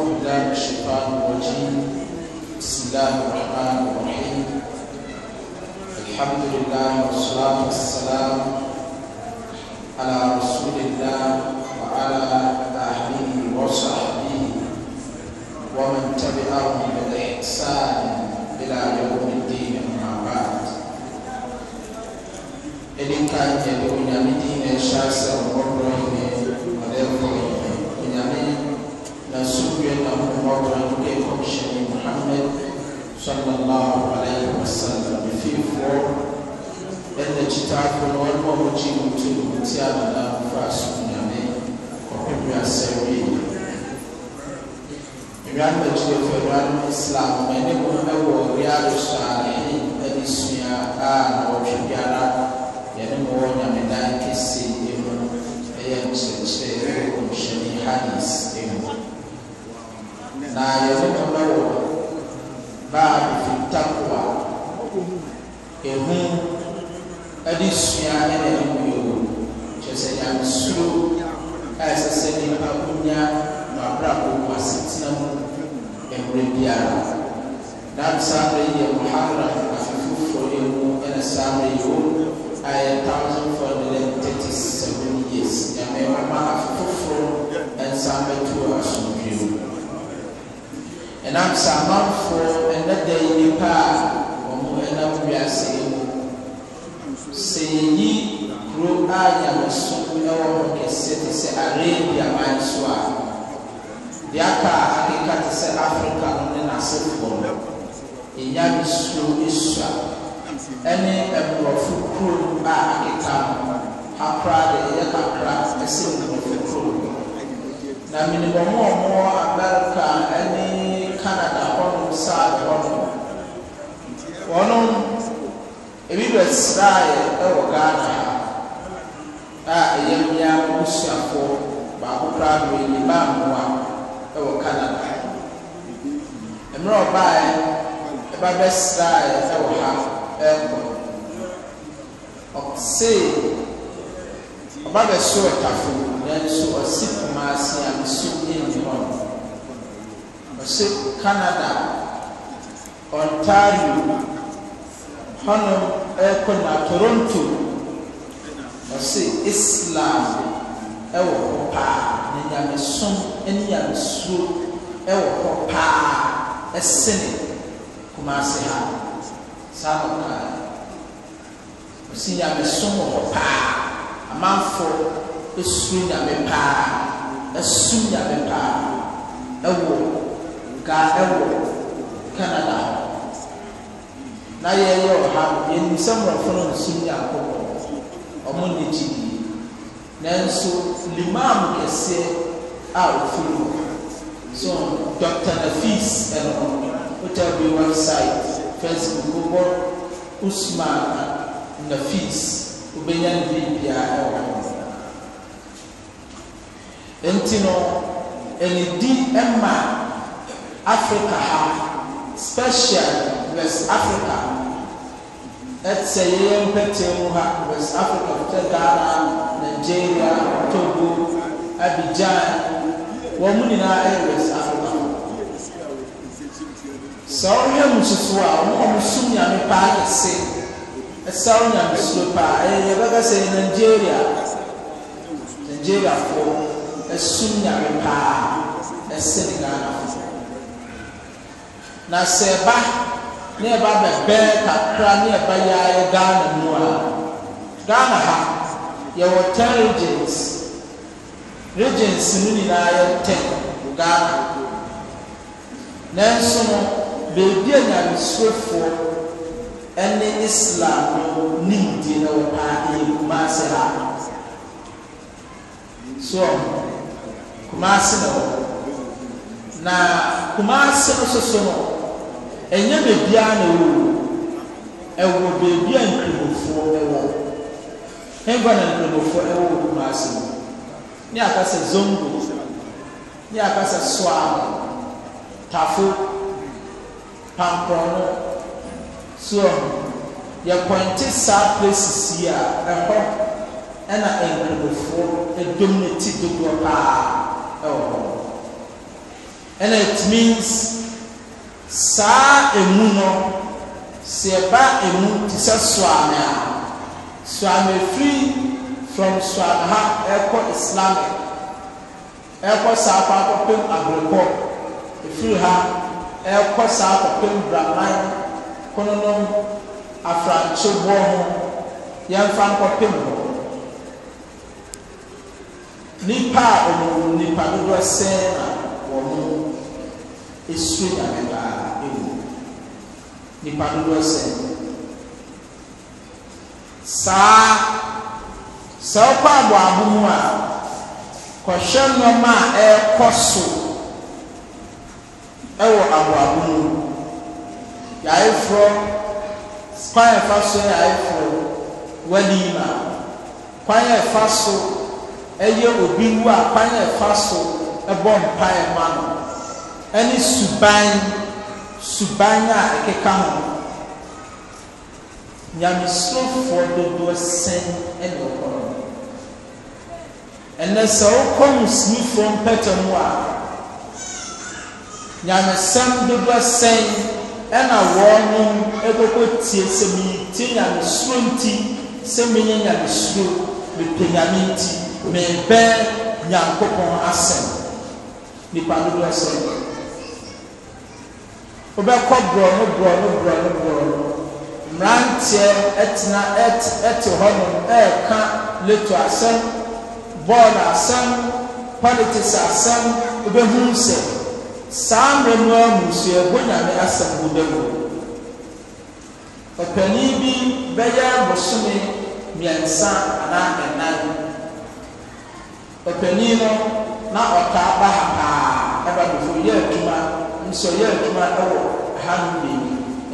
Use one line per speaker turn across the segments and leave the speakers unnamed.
أعوذ بالله من الشيطان الرجيم بسم الله الرحمن الرحيم الحمد لله والصلاة والسلام على رسول الله وعلى أهله وصحبه ومن تبعهم بالإحسان إلى يوم الدين أما بعد إن كان يدعون من دين شاسع رسول له مرة كيف محمد صلى الله عليه وسلم في فور ɛna kyitaafo no wɔn a wɔgye wɔn ti wɔn ti adada fa so nyame kɔkɔdwe asɛm yi nnwan bɛkyerɛ fɛ nnwan islam ɛne mu ɛwɔ riado saare ɛne sua a wɔtwe biara yɛne mu wɔ nyame dan kɛse mu ɛyɛ nkyerɛkyerɛ ɛwɔ nhyɛne hadis mu na yɛne no wɔ baabi fi takoa ɛhu de sua ne na ɛnwie wɔ kyerɛ sɛ nyamesuro a ɛsɛ sɛ nnipa konya no abrabɔ mu asetena mu mmerɛ biara nam saa mmerɛ yɛ muhamra afifoforɔ yɛ mu ɛne saa mmerɛ yɛ wɔ a yɛ 1437 years nyame ɔma afifoforɔ nsa mmɛto wɔ so ɛnam sɛ amanfoɔ ɛnɛ da yi nipa a wɔn ɛnam wiase yi mu sɛ yɛyi kuro a nyameso ɛwɔ hɔ kɛseɛ te sɛ arabia man so a deɛ aka a akeka te sɛ africa no ne n'asefoɔ no ɛnya nsuo esua ɛne ɛmborɔfo kuro a akeka no akora deɛ ɛyɛ kakra ɛsɛ mborɔfo kuro na minimu wɔn a America ɛne canada hɔnom saad hɔnom wɔnom ebi bɛsraeɛ ɛwɔ e ghana a ɛyɛ mmea abusuafoɔ baako koraa no ɛyɛ baamoa ɛwɔ canada mmerɛ ɔbaeɛ ɛba bɛsraeɛ ɛwɔ ha ɛkɔ ɔsee ɔba bɛso ɛtafo nanso ɔsi kumaase a e e nso ɛnyɛ ɔsi canada ontario hɔnom ɛkɔ na toronto ɔsi islam ɛwɔ hɔ paa ne nyamesom ɛne nyamesuo ɛwɔ hɔ paa ɛsene kumase ha saa na ɔka ɔsi nyamesom wɔ hɔ paa amanfo esuro nyame paa esum nyame paa ɛwɔ gaa ɛwɔ canada hɔ na yɛyɛ ɔha yɛnim sɛ mmorɔfo no nsom nyankopɔn ɔmo nne gyidie nanso limam kɛseɛ a ɔfiri hɔ so dr nafis ɛno hɔ bi website facebook wobɔ usman nafis wobɛnya ne biribiaa ɛwɔ hɔ nti no ɛne di ɛma africa ha special west africa ɛsɛ yɛn mpɛtɛn mu ha west africa fɛ ghana nigeria togo abidjan wɔn mu nyinaa ɛyɛ west africa sɛ ɔhwɛ mu soso a wɔn a wɔsum nyame paa kɛse ɛsɛ wɔn nyame paa yɛ bɛka sɛ nigeria nigeria foɔ ɛsum nyame paa ɛsɛ ne ghana foɔ na sɛ ɛba ne ɛba bɛbɛɛ kakra ne ɛba yɛ ayɛ ghana mu a ghana ha yɛwɔ ten regions regions no nyinaa yɛ ten wɔ ghana nanso no beebi a nyamesurofoɔ islam no ne ndie na wɔ paa yɛ kumase ha so kumase na wɔ na kumase no soso no ɛnyɛ beebi a na ɛwɔ ɛwɔ beebi a nkramofoɔ ɛwɔ ɛngwa na nkramofoɔ ɛwɔ wɔ mu ase mu ne akasa zongo ne akasa soa tafo pamprɔno soɔ yɛkɔnte saa places yi a ɛhɔ ɛna nkramofoɔ ɛdom e ne ti dodoɔ paa ɛwɔ hɔ ɛna it means saa emu no sɛ ɛba emu te sɛ soame a soame firi from soame ha ɛkɔ islamic ɛkɔ saa kɔ akɔpem abrɛkɔ efiri ha ɛkɔ saa akɔpem braman kononom afrankyeboɔ ho yɛmfa nkɔpem hɔ nipa a ɔmo nipa dodoɔ sɛɛ na esu nyame paa emu nipa dodoɔ sɛ saa sɛ wokɔ aboabo mu a kɔhwɛ nneɛma a ɛrekɔ so ɛwɔ aboabo mu yaeforɔ kwan ɛfa so yɛ yaeforɔ wɔnima kwan ɛfa so ɛyɛ obi wu a kwan ɛfa so ɛbɔ mpaeɛ ma no ɛne suban suban a ɛkeka ho nyamesurofoɔ dodoɔ sɛn ɛna ɔkɔ no ɛnɛ sɛ wokɔ musinifoɔ mpɛtɛ mu a nyamesɛm dodoɔ sɛn ɛna wɔnom ɛkɔkɔ tie sɛ meyitie nyamesuro nti sɛ menyɛ nyamesuro mepɛ nyame nti mebɛ nyankopɔn asɛm nipa dodoɔ sɛn wobɛkɔ borɔno borɔno borɔno borɔno mmeranteɛ ɛtena ɛt ɛte hɔnom ɛɛka leto asɛm bɔɔl asɛm politics asɛm wobɛhu sɛ saa mmerɛ no ara musua bonyame asɛm bo da mu ɔpanin bi bɛyɛ bosome mmiɛnsa anaa ɛnan ɔpanin no na ɔtaa ba ha paa ɛba bɛfo yɛ atu nso yɛ adwuma wɔ ha no bi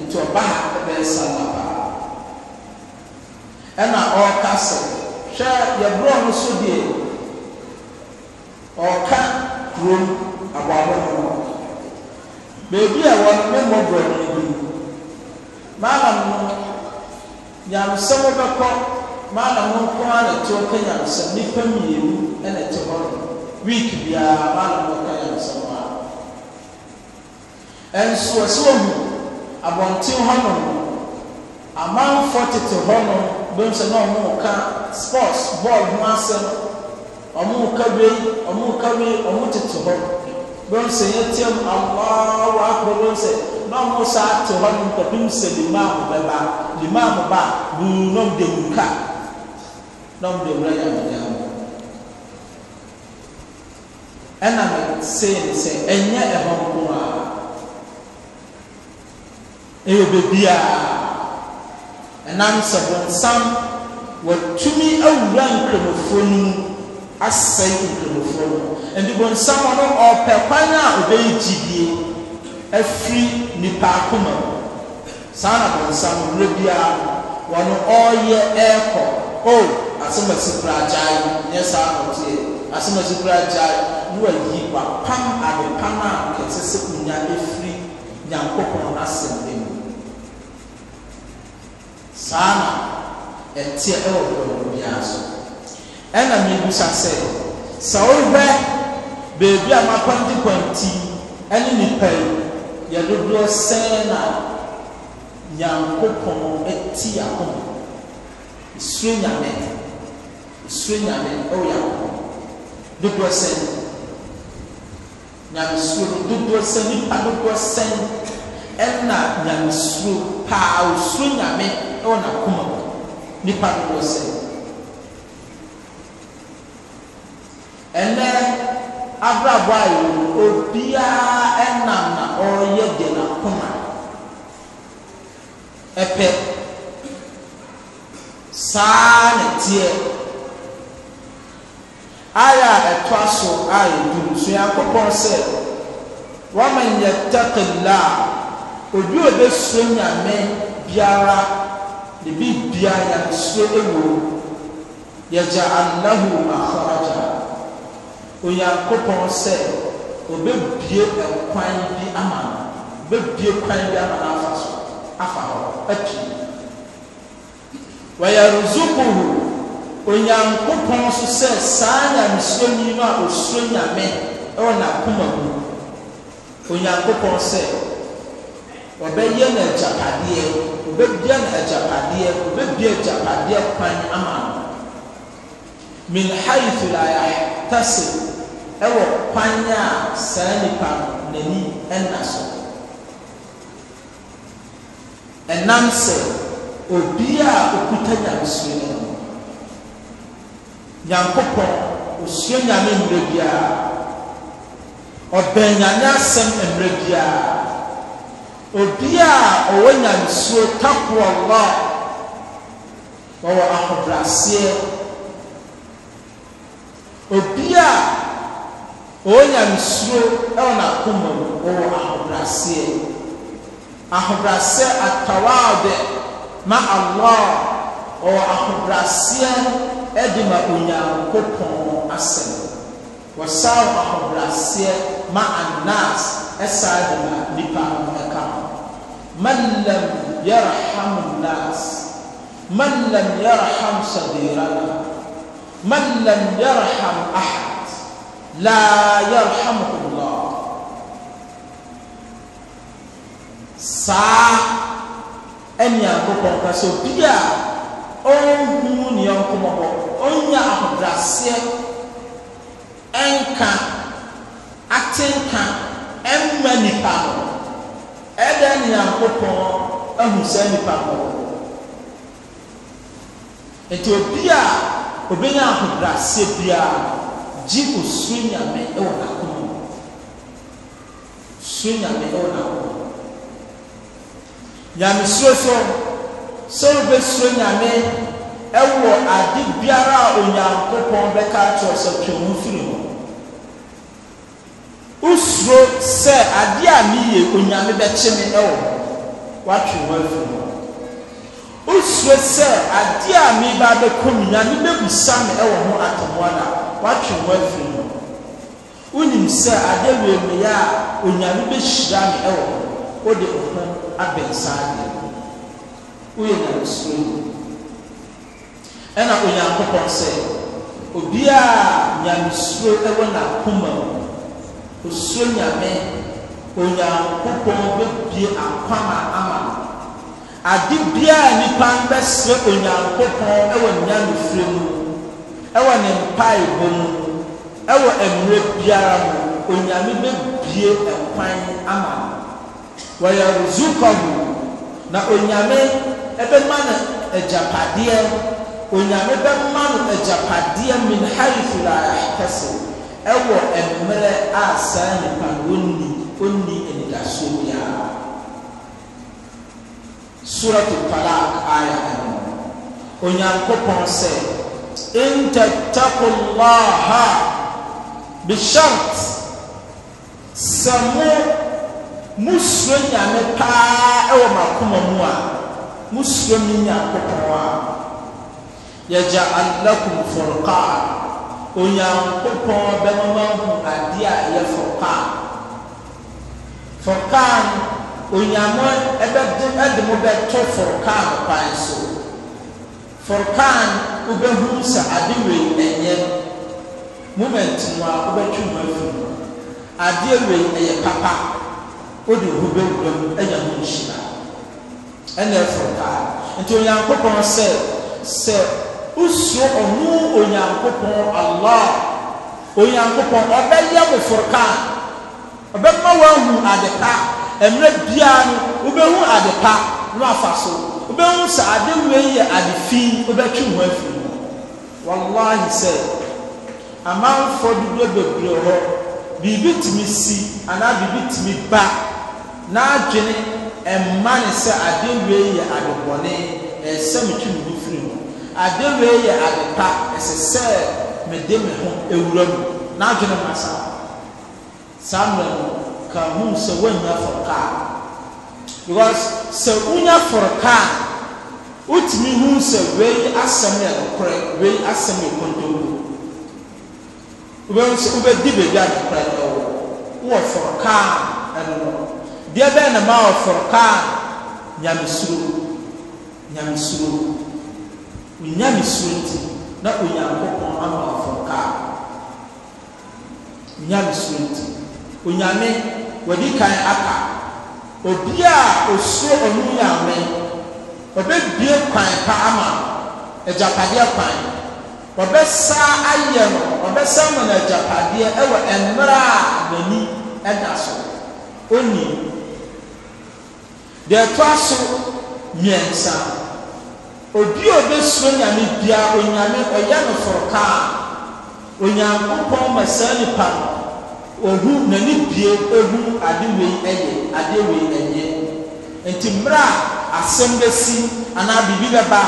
nti ɔba ha bɛyɛ sallah paa ɛna ɔreka sɛ hwɛ yɛborɔ no so deɛ ɔreka kurom aboabɔno no beebi a wɔn ne mmɔborɔ no bi maanam no nyamesɛm bɛkɔ maanam no nko ara na ɛte ɔka nyamesɛm nnipa mmienu na ɛte hɔ no wiiki biara maanam no ka nyamesɛm nso ɛsɛ ohu abɔnten hɔ no amanfo tete hɔ no bɛn na wɔn ka sports bɔɔl ho asɛm wɔn ka wei wɔn ka wei wɔn tete hɔ bɛn sɛ yɛte mu awaawa akoro bɛn sɛ na wɔn sa ate hɔ no nkɔpem sɛ limaa mo bɛba limaa mo ba buu na wɔn de nka na wɔn de wura yɛ wɔn yɛ wɔn ɛna sɛ sɛ ɛnyɛ ɛhɔ nko ɛyɛ beebiaa ɛnam sɛ bɔnsam wɔatumi awura nkramofoɔ no mu asɛe nkramofoɔ no ɛnti bɔnsam no ɔpɛ kwan a ɔbɛyɛ gyidie afiri nipa akoma saa na bɔnsam wura biara wɔn ɔreyɛ ɛrekɔ o asɛm asi kura agyae nyɛ saa na ɔteɛ asɛm asi kura agyae ne wayi wapam adepam a kɛse sɛ onya efiri nyankopɔn asɛm amu saa na ɛteɛ ɛwɔ borɔboro biara so ɛna mmiɛnsa sɛ sɛ wohwɛ beebi a makwantikwanti ɛne nipa yi yɛ dodoɔ sɛɛ na nyankopɔn ɛti akoma esuro nyame esuro nyame ɛwɔ yankopɔn dodoɔ sɛɛ nyamesuro dodoɔ sɛɛ nipa dodoɔ sɛɛ ɛna nyamesuro paa osuro nyame ɛwɔ n'akoma nipa no wɔ sɛ ɛnɛ abrabɔ a yɛ obiara ɛnam na ɔreyɛ deɛ n'akoma ɛpɛ saa na teɛ ayɛ a ɛtoa so a yɛ dum so yɛ akokɔn sɛ wɔn yɛ tɛkila obi a obɛsuro nyame biara ebi bia yansuro ewu yagya anahu akɔraja onyankopɔn sɛ obebie ɛkwan bi ama no obebie kwan bi ama no afa so afa hɔ atwi wɔyɛrezukuhu onyankopɔn so sɛ saa nyansuro ni no a osuro nyame ɛwɔ n'akoma mu onyankopɔn sɛ ɔbɛyɛ no agyapadeɛ ɔbɛbia no agyapadeɛ ɔbɛbia agyapadeɛ kwan ama no min haithu la yahtase ɛwɔ kwan a saa nipa no n'ani ɛna so ɛnam sɛ obi a okuta nyamesuo no no nyankopɔn osua nyame mmerɛ biara ɔbɛn nyame asɛm mmerɛ biara obi a ɔwɔ nyansuo takoɔ lɔ wɔwɔ ahobraseɛ obi a ɔwɔ nyansuo ɛwɔ n'akoma mu wɔwɔ ahobraseɛ ahobraseɛ atawaabɛ ma Allah ɔwɔ ahobraseɛ ɛde ma onyankopɔn asɛm. wɔsan ahobraseɛ ma anas ɛsan de ma nipa no ɛka ho man lam yarham nas man lam yarham sagirana man lam yarham ahad la yarhamhu llah saa ɛne nyankopɔn ka sɛ obi a ɔnhu ne yɔnkomɔbɔ ɔnya ahobraseɛ ɛnka atenka ɛmma nipa no ɛda nyankopɔn ahu saa nipa no nti obi a obenya ahobrɛaseɛ biara gye osuro nyame wɔ n'akoma suro nyame wɔ n'akoma nyamesuro so sɛ wobɛsuro nyame ɛwɔ ade biara a onyankopɔn bɛka kyerɛ sɛ twɛ ho firi hɔ wosuro sɛ adeɛ a meyɛ onyame bɛkye me ɛwɔ hɔ watwe hɔ afiri hɔ wosuro sɛ adeɛ a meba bɛkɔ me nyame bɛbusa me ɛwɔ ho atɔmmoa no a watwe hɔ afiri hɔ wonim sɛ adeɛ wei meyɛ a onyame bɛhyira me ɛwɔ hɔ wode wo ho abɛnsa adeɛ woyɛ nyamesuro yi ɛna onyankopɔn sɛ obiara nyamesuro ɛwɔ n'akoma mu osuo nyame onyankopɔn bebie akwa ma ama no ade biara nipa bɛsrɛ onyankopɔn ɛwɔ nyame firi mu ɛwɔ ne mpaebɔ mu ɛwɔ mmerɛ biara mu onyame bebie ɛkwan ama no wɔyɛ zukɔmo na onyame ɛbɛma no agyapadeɛ onyame bɛma no agyapadeɛ min harifulaa kɛse no ɛwɔ mmerɛ a saa nipa no onni onni anidaso biara suratu talak aya ɛno onyankopɔn sɛ intattaku llaha sɛ mo musuro nyame paa ɛwɔ makoma mu a musuro me nyankopɔn a yɛgya alakum furqan onyankopɔn bɛmama ho adeɛ a ɛyɛ fɔkaa fɔkaa no onyama ɛbɛde ɛde mo bɛto fɔkaa no kwan so fɔkaa no wobɛhunu sɛ ade wei ɛnyɛ moment mu a wobɛtwe mu afi mu adeɛ wei ɛyɛ papa wode ho bɛwura mu ɛnya ho nhyira ɛna ɛfɔkaa nti onyankopɔn sɛ sɛ wosuro ɔno onyankopɔn allah onyankopɔn ɔbɛyɛ wo forokaa ɔbɛma woahu ade pa mmerɛ biara no wobɛhu ade pa no afa so wobɛhu sɛ ade wei yɛ ade fi wobɛtwe ho afiri mu wallahi sɛ amanfoɔ dodoɔ bebree hɔ biribi tumi si anaa biribi tumi ba n'adwene ɛmma ne sɛ ade wei yɛ ade bɔne ɛsɛ metwi ho firi mu ade wei yɛ ade pa ɛsɛ sɛ mede me ho ewura mu n'adwene mu asa saa mmerɛ no ka ho sɛ woanya fɔrɔka because sɛ wonya fɔrɔka wotumi ho sɛ wei asɛm yɛ nokorɛ wei asɛm yɛ kɔntɔnmu wobɛhu sɛ wobɛdi baabi a nokorɛ no ɛwɔ wowɔ fɔrɔka ɛno no deɛ bɛn na ma wɔ fɔrɔka nyamesuro nyamesuro menya ne suo nti na onyankopɔn ama afɔka menya ne suo nti onyame wɔde kan aka obi a osuo ɔno nyame ɔbɛbie kwan pa ama agyapadeɛ kwan ɔbɛsa ayɛ no ɔbɛsa ma no agyapadeɛ ɛwɔ mmerɛ a n'ani ɛda so onim deɛ ɛtoa so mmiɛnsa obi a obɛsuro nyame bia onyame ɔyɛ no forokaa onyankopɔn ma saa nipa no ohu n'ani bie ohu ade wei ɛyɛ ade wei ɛyɛ nti mmerɛ a asɛm bɛsi anaa biribi bɛba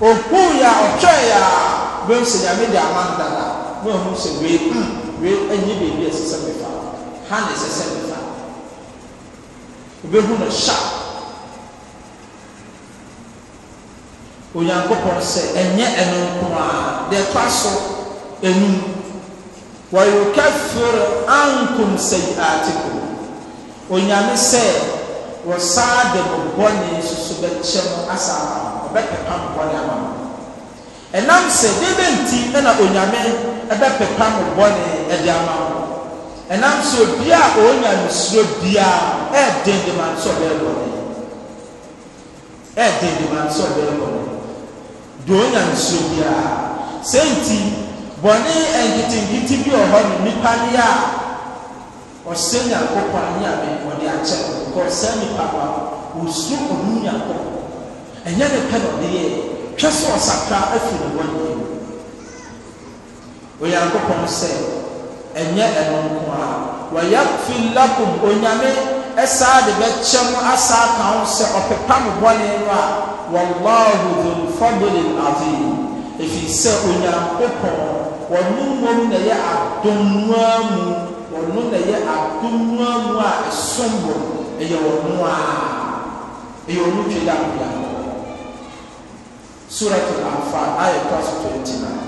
ohu yɛ a ɔtwɛɛ yɛ a bɛhu sɛ nyame de ama ndada na ɔhu sɛ wei hmm wei ɛnyɛ baabi a ɛsɛ sɛ mefa ha na ɛsɛ sɛ mefa obɛhu no hyɛ onyankopɔn sɛ ɛnyɛ ɛno nko a deɛ ɛtɔ so enum wɔyokɛfir ankum sɛyi aatiku onyame sɛ wɔsaa de mo bɔne soso bɛkyɛ mo asa ama mo ɔbɛpepa mo bɔne ama mo ɛnam sɛ dede nti ɛna onyame ɛbɛpepa mo bɔne ɛde ama mo ɛnam sɛ obi a onyame suro biara ɛɛden de ma nsɔ bɛɛ bɔne deɛ onya nsuo biara sɛn ti bɔne nketenkete bi wɔ hɔ no nipa ne a ɔsɛ nyankopɔn ne ame ɔde akyɛ kɔ sɛ nipa wa osu ɔnu nyankopɔn ɛnyɛ ne pɛ na ɔde yɛ twɛ sɛ ɔsakra afiri ne bɔne yɛ onyankopɔn sɛ ɛnyɛ ɛno nko a wɔyɛfiri lakum onyame ɛsaa de bɛkyɛ mu asaa ka ho sɛ ɔpepa mo bɔne no a wallahu dhul fadlin azim ɛfiri sɛ onyankopɔn ɔno mmom na ɛyɛ adom noa mu ɔno na ɛyɛ adom noa mu a ɛsom wɔ ɛyɛ ɔno a ɛyɛ ɔno twɛ dɛ akoya suratul anfal ayɛ tɔ so 29